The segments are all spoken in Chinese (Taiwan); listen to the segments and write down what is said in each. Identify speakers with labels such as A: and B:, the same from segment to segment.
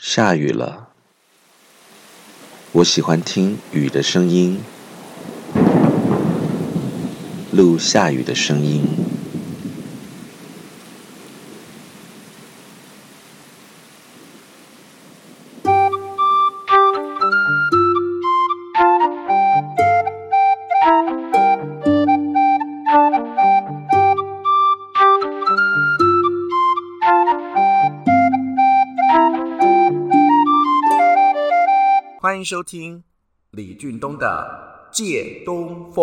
A: 下雨了，我喜歡聽雨的聲音，錄下雨的聲音。歡迎收聽李俊東的《借東風》。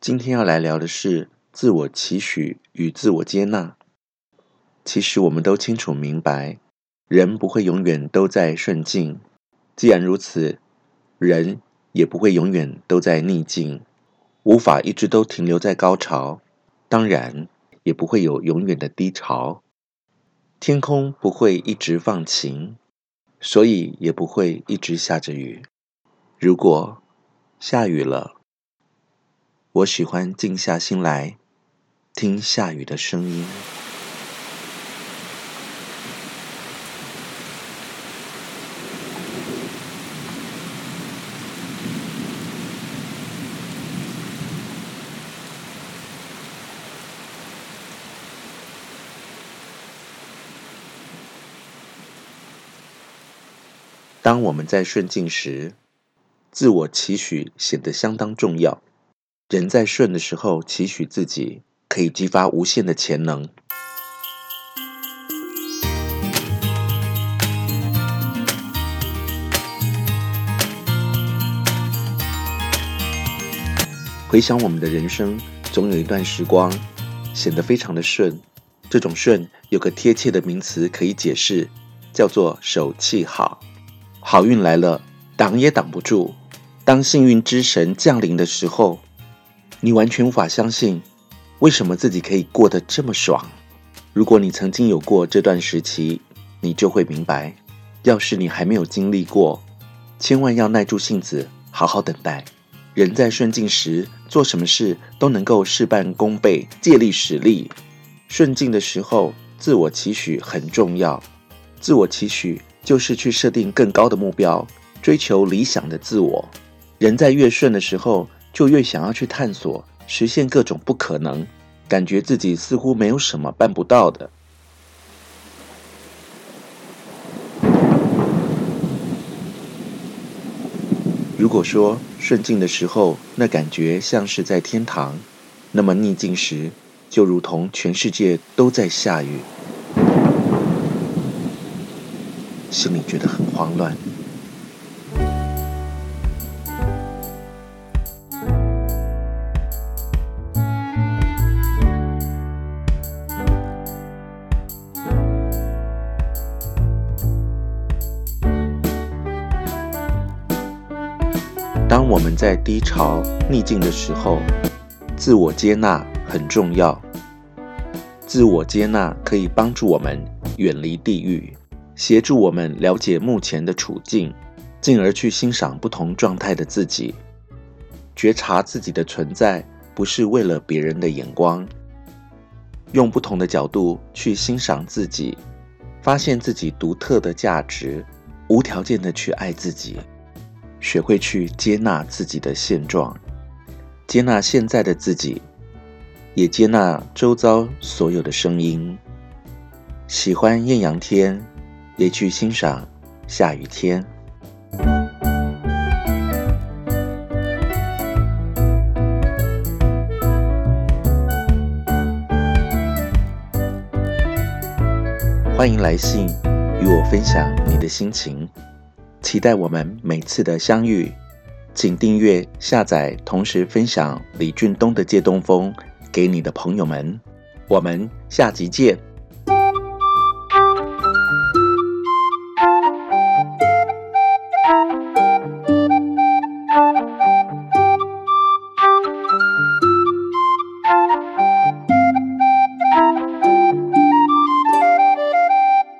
A: 今天要來聊的是自我期許與自我接納。其實我們都清楚明白，人不會永遠都在順境。既然如此，人也不會永遠都在逆境，無法一直都停留在高潮。當然，也不會有永遠的低潮。天空不會一直放晴。所以也不會一直下着雨。如果下雨了，我喜歡靜下心來聽下雨的聲音。當我們在順境時，自我期許顯得相當重要。人在順的時候，期許自己可以激發無限的潛能。回想我們的人生，總有一段時光顯得非常的順。這種順有個貼切的名詞可以解釋，叫做手氣好。好運來了，擋也擋不住。當幸運之神降臨的時候，你完全無法相信，為什麼自己可以過得這麼爽。如果你曾經有過這段時期，你就會明白。要是你還沒有經歷過，千萬要耐住性子，好好等待。人在順境時，做什麼事都能夠事半功倍，借力使力。順境的時候，自我期許很重要，自我期許。就是去設定更高的目標，追求理想的自我。人在越順的時候，就越想要去探索，實現各種不可能，感覺自己似乎沒有什麼辦不到的。如果說順境的時候，那感覺像是在天堂，那麼逆境時，就如同全世界都在下雨。心裡覺得很慌亂。當我們在低潮、逆境的時候，自我接納很重要。自我接納可以幫助我們遠離地獄。協助我們了解目前的處境，進而去欣賞不同狀態的自己，覺察自己的存在不是為了別人的眼光，用不同的角度去欣賞自己，發現自己獨特的價值，無條件的去愛自己，學會去接納自己的現狀，接納現在的自己，也接納周遭所有的聲音，喜歡豔陽天。也去欣賞下雨天。歡迎來信與我分享你的心情，期待我們每次的相遇。請訂閱、下載，同時分享李俊東的《借東風》給你的朋友們。我們下集見。